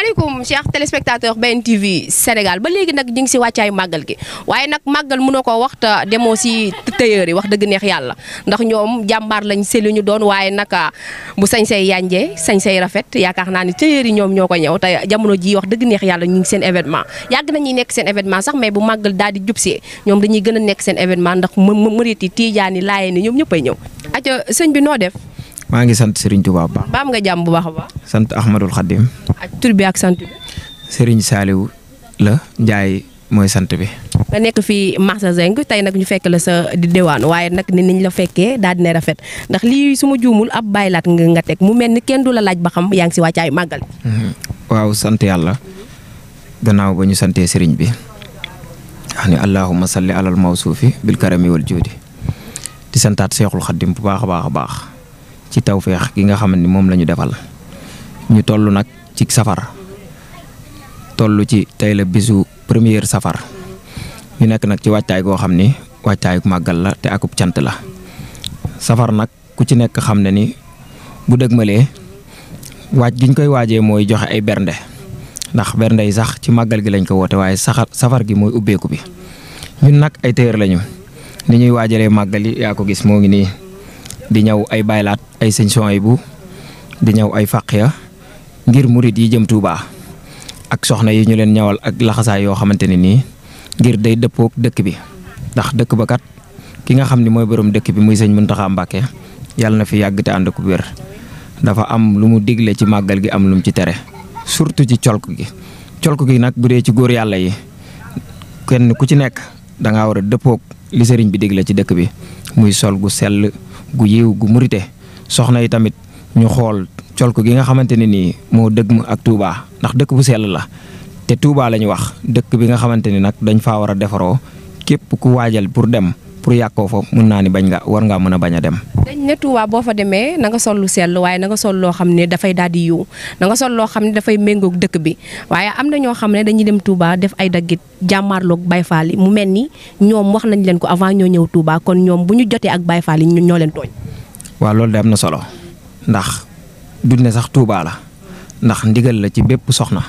asalaamaaleykum cheikh téléspectateur ben TV Sénégal ba légui nak ñing ci si magal gi waaye nak muno mëno ko wax ta démo si tailleur yi wax dëgg neex yalla ndax ñom jambar lañ si li ñu doon waaye nak ah, bu sañ sey yanjé sañ sey rafet yaakaar na ni tailleur yi ñom ñoko ñew ñëw jamono ji wax dëgg neex yalla ñing sen événement yag yàgg ñi nekk sen événement sax mais bu magal daal di jub ñom dañuy gëna a nekk seen événement ndax murit yi tiijaan ni ñom yi ñoom ñëppay ñëw aca sëñ bi no def ma ngi sant Serigne Touba ba nga jamm bu baax ba sante ahmadou Ahmadul Khadim tur ak sant bi. Serigne Saliou la njaay mooy sant bi. nga nekk fii Marché tey nag ñu fekk la sa di diwaan waaye nag ni niñ la fekkee daal dina rafet ndax lii su ma juumul ab bàyyilaat nga nga teg mu mel ni kenn du la laaj ba xam yaa ngi si wàccaayu màggal. Mhm. waaw sant yàlla gannaaw ba ñu santee sëriñ bi. wax ni allahumma salli alal mawsuufi bil karami wal juudi di santaat seexul xaddim bu baax a baax a baax ci tawféex ki nga xam ni moom la ñu defal. ñu tollu nak ci safar tollu ci tey le bisu premier safar ñu nek nak ci waccay go xamni waccay wàccaayu magal la te akup cant la safar nak ku ci nek xam ni bu deggmalé wacc giñ koy wajé moy joxe ay bernde ndax bernde yi sax ci magal gi lañ ko woté waye safar gi moy ubbeeku bi ñun nak ay teyer lañu ni ñuy waajalee màggal yi ko gis mo ngi ni di ñëw ay baylat ay yi di ay faqiya ngir murit yi jëm Touba ak soxna yi ñu leen ñawal ak laxasa yo xamanteni ni ngir day deppok dekk bi ndax dekk ba kat ki nga xamni moy borom dekk bi muy sëñ Muntaha Mbacké yalla na fi yàgg te ànd dafa am lu mu digle ci magal gi am lu mu ci téré surtout ci colk gi colk gi nak budé ci goor yalla yi kenn ku ci nekk da nga wara deppok li sëriñ bi digle ci dekk bi muy sol gu sel gu yew gu murite soxna yi tamit ñu xol ko gi nga xamanteni ni mo deug mu ak Touba ndax dekk bu sel la te Touba lañ wax dekk bi nga xamanteni nak dañ fa wara defaro kep ku waajal pour dem pour yakko fo mën na ni bañ nga war nga mëna baña dem. dañ ne Touba bo fa démé na nga sol lu sell waaye na nga sol lo xamné da fay daal yu na nga sol lo xamné da fay méngoog dekk bi waye am ño xamné dañuy dem Touba def ay daggit lok bayfaal yi mu melni ni wax nañ leen ko avant ño ñew Touba kon ñom buñu joté ak bayfaal yi ñoo leen tooñ. wa loolu de amna solo ndax duñ sax touba la ndax ndigal la ci bépp soxna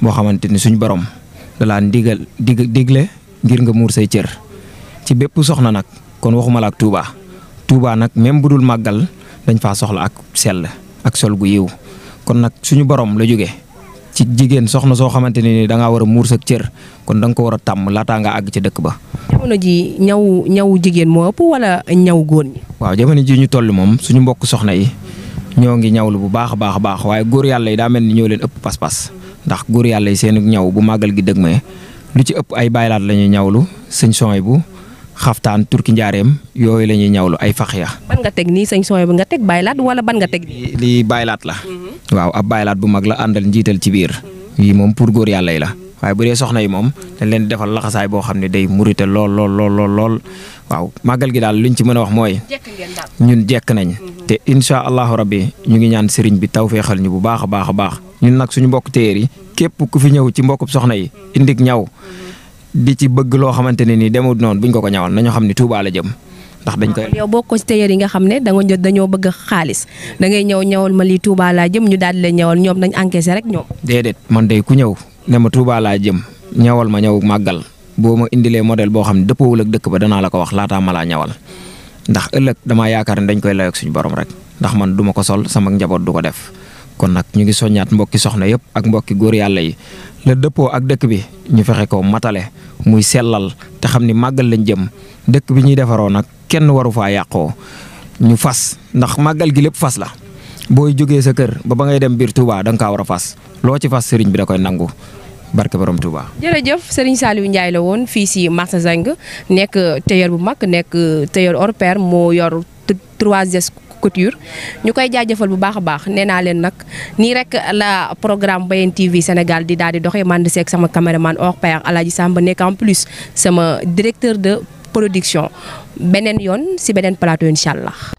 bo xamanteni suñu borom da la ndigal diglé digle ngir nga mour say cër ci bépp soxna nak kon waxuma la touba touba nak même budul magal dañ fa soxla ak sel ak sol gu yew kon nak suñu borom la jóge ci jigen soxna so xamanteni da nga wara mour cër kon dang ko wara tam tàmm nga ag ci dëkk ba. jamono ji ñaw ñaw jigen mo ëpp wala ñaw goor ñi. waaw jamono ji ñu toll mom suñu mbokk soxna yi. ñoo ngi ñawlu bu baax a baax a baax waaye góor yàlla yi daa mel ni ñoo leen ëpp pas-pas ndax góor yàlla yi seen ñaw bu màggal gi mooy lu ci ëpp ay baylaat la ñuy ñawlu sëñ sooy bu xaftaan turki njaareem yooyu la ñuy ñawlu ay fax ya ban nga teg nii sëñ sooy bu nga teg baylaat wala ban nga teg. lii baylaat la. Mhm. waaw ab baylaat bu mag la àndal njiital ci biir. yii moom pour góor yàlla yi la. waaye bu dee soxna yi moom dañ leen di defal laxasaay boo xam ne day murite lool lool lool lool lool waaw màggal gi daal liñ ci mën a wax mooy ñun jekk nañ mhm. te incha allahu rabbi ñu ngi ñaan sëriñ bi taw tawféexal ñu bu baax a baax a baax ñun nag suñu mbokk téer yi képp ku fi ñëw ci mbokkub soxna yi indik ñaw mhm. di ci bëgg loo xamante ne nii demul noonu buñ ko ko ñawal nañu xam ne tuubaala la jëm ndax dañ koy ah, yow boo ko ci téyeer yi nga xam ne danga dañoo bëgg xaalis da ñëw ñëwal ma lii Touba laa jëm ñu daal di la ñëwal ñoom nañ encaissé rek ñoom déedéet man day ku ñëw ne ma Touba la jëm ñawal ma ñëw magal boo ma model modèle boo xam ne dëppoowul ak dëkk ba dana la ko wax laataa mala ñawal ndax ëlëk dama yaakar dañ koy layok suñu borom rek ndax man duma ko sol sama njabot duko def kon nak ñu ngi soñaat mbokki soxna yëpp ak mbokki goor yàlla yi le ak dëkk bi ñu fexé ko matale muy sellal te xamni ni lañ jëm dëkk bi ñi défaro nak kenn waru fa yaqo ñu fas ndax magal gi lepp fas la boy joggé sa kër ba ba ngay dem bir Touba dang ka wara fas loo ci fas sëriñ bi da koy nangu barke borom Touba. jërëjëf Serigne Saliou Ndiaye la woon fii si marché Zeng nekk tailleur bu mag nekk tailleur hors moo yor trois s couture ñu koy jaajëfal bu baax a baax nee naa leen nag nii rek la programme Mbayeen TV Sénégal di daal di doxee man di seeg sama man hors pair Alaaji Samba nekk en plus sama directeur de production beneen yoon si beneen plateau incha